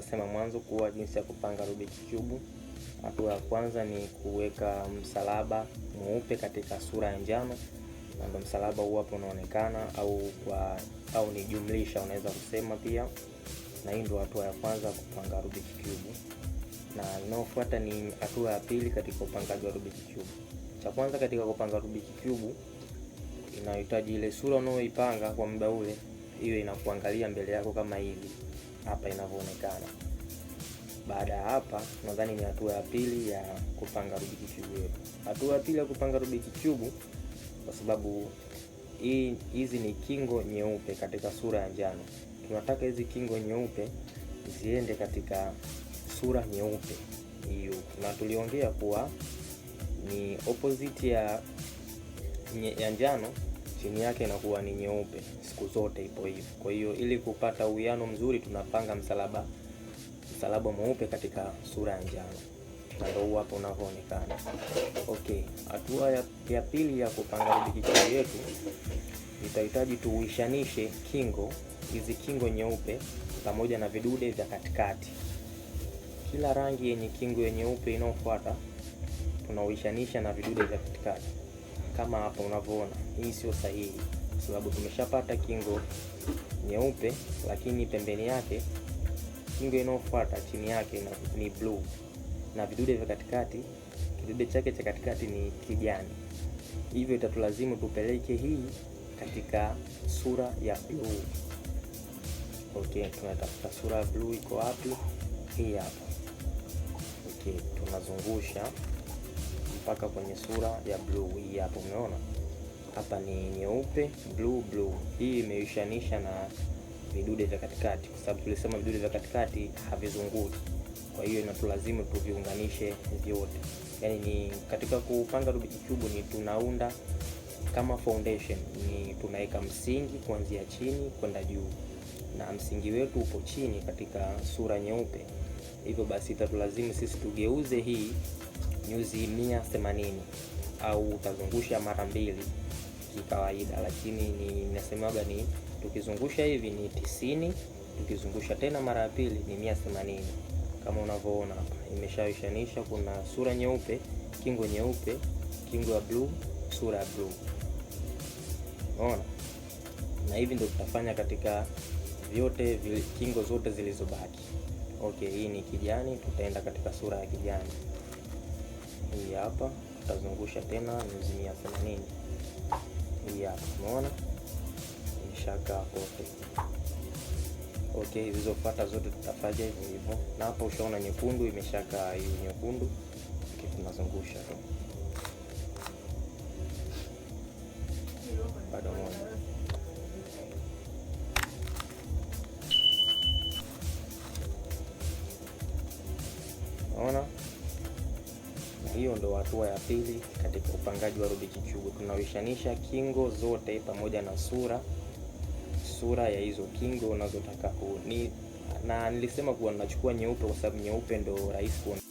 nilivyosema mwanzo kuwa jinsi ya kupanga Rubik's Cube. Hatua ya kwanza ni kuweka msalaba mweupe katika sura ya njano, na ndo msalaba huo hapo unaonekana, au kwa au ni jumlisha unaweza kusema pia, na hii ndio hatua ya kwanza kupanga Rubik's Cube. Na inayofuata ni hatua ya pili katika upangaji wa Rubik's Cube. Cha kwanza katika kupanga Rubik's Cube inahitaji ile sura unayoipanga kwa muda ule hiyo inakuangalia mbele yako kama hivi hapa inavyoonekana. Baada ya hapa, nadhani ni hatua ya pili ya kupanga Rubik cube yetu. Hatua ya pili ya kupanga Rubik cube, kwa sababu hii hizi ni kingo nyeupe katika sura ya njano, tunataka hizi kingo nyeupe ziende katika sura nyeupe hiyo, na tuliongea kuwa ni opposite ya ya njano Simu yake inakuwa ni nyeupe siku zote, ipo hivyo. Kwa hiyo ili kupata uwiano mzuri, tunapanga msalaba msalaba mweupe katika sura ya njano, na ndio hapo unavyoonekana. Okay, hatua ya, ya pili ya kupanga kichwa yetu itahitaji tuuishanishe kingo hizi, kingo nyeupe pamoja na vidude vya katikati. Kila rangi yenye kingo nyeupe inayofuata tunauishanisha na vidude vya katikati kama hapa unavyoona, hii sio sahihi, kwa sababu tumeshapata kingo nyeupe, lakini pembeni yake kingo inayofuata chini yake ni blue na vidude vya katikati, kidude chake cha katikati ni kijani. Hivyo itatulazimu tupeleke hii katika sura ya blue. Okay, tunatafuta sura ya blue iko wapi? Hii hapa. Okay, tunazungusha mpaka kwenye sura ya bluu hii hapa. Umeona hapa ni nyeupe bluu bluu, hii imeishanisha na vidude vya katikati, kwa sababu tulisema vidude vya katikati havizunguki. Kwa hiyo inatulazimu tuviunganishe vyote, yaani ni katika kupanga Rubik cube ni tunaunda kama foundation, ni tunaweka msingi kuanzia chini kwenda juu, na msingi wetu upo chini katika sura nyeupe. Hivyo basi itatulazimu sisi tugeuze hii nyuzi mia au utazungusha mara mbili kikawaida, lakini ni nasemaga ni tukizungusha hivi ni tisini, tukizungusha tena mara ya pili ni mia kama unavyoona hapa imeshaishanisha. Kuna sura nyeupe, kingo nyeupe, kingo ya bluu, sura ya bluu. Unaona, na hivi ndio tutafanya katika vyote kingo zote zilizobaki. Okay, hii ni kijani, tutaenda katika sura ya kijani hapa, utazungusha tena mizimia 80. Hii hapa umeona imeshakaa perfect. Okay, pata zote tutafanya hivyo hivyo, na hapo ushaona nyekundu imeshakaa hiyo nyekundu, tunazungusha tu bado moja hiyo ndo hatua ya pili katika upangaji wa Rubik Cube. Tunawishanisha kingo zote pamoja na sura sura ya hizo kingo unazotaka ku ni, na nilisema kuwa nachukua nyeupe kwa sababu nyeupe ndo rahisi kuona.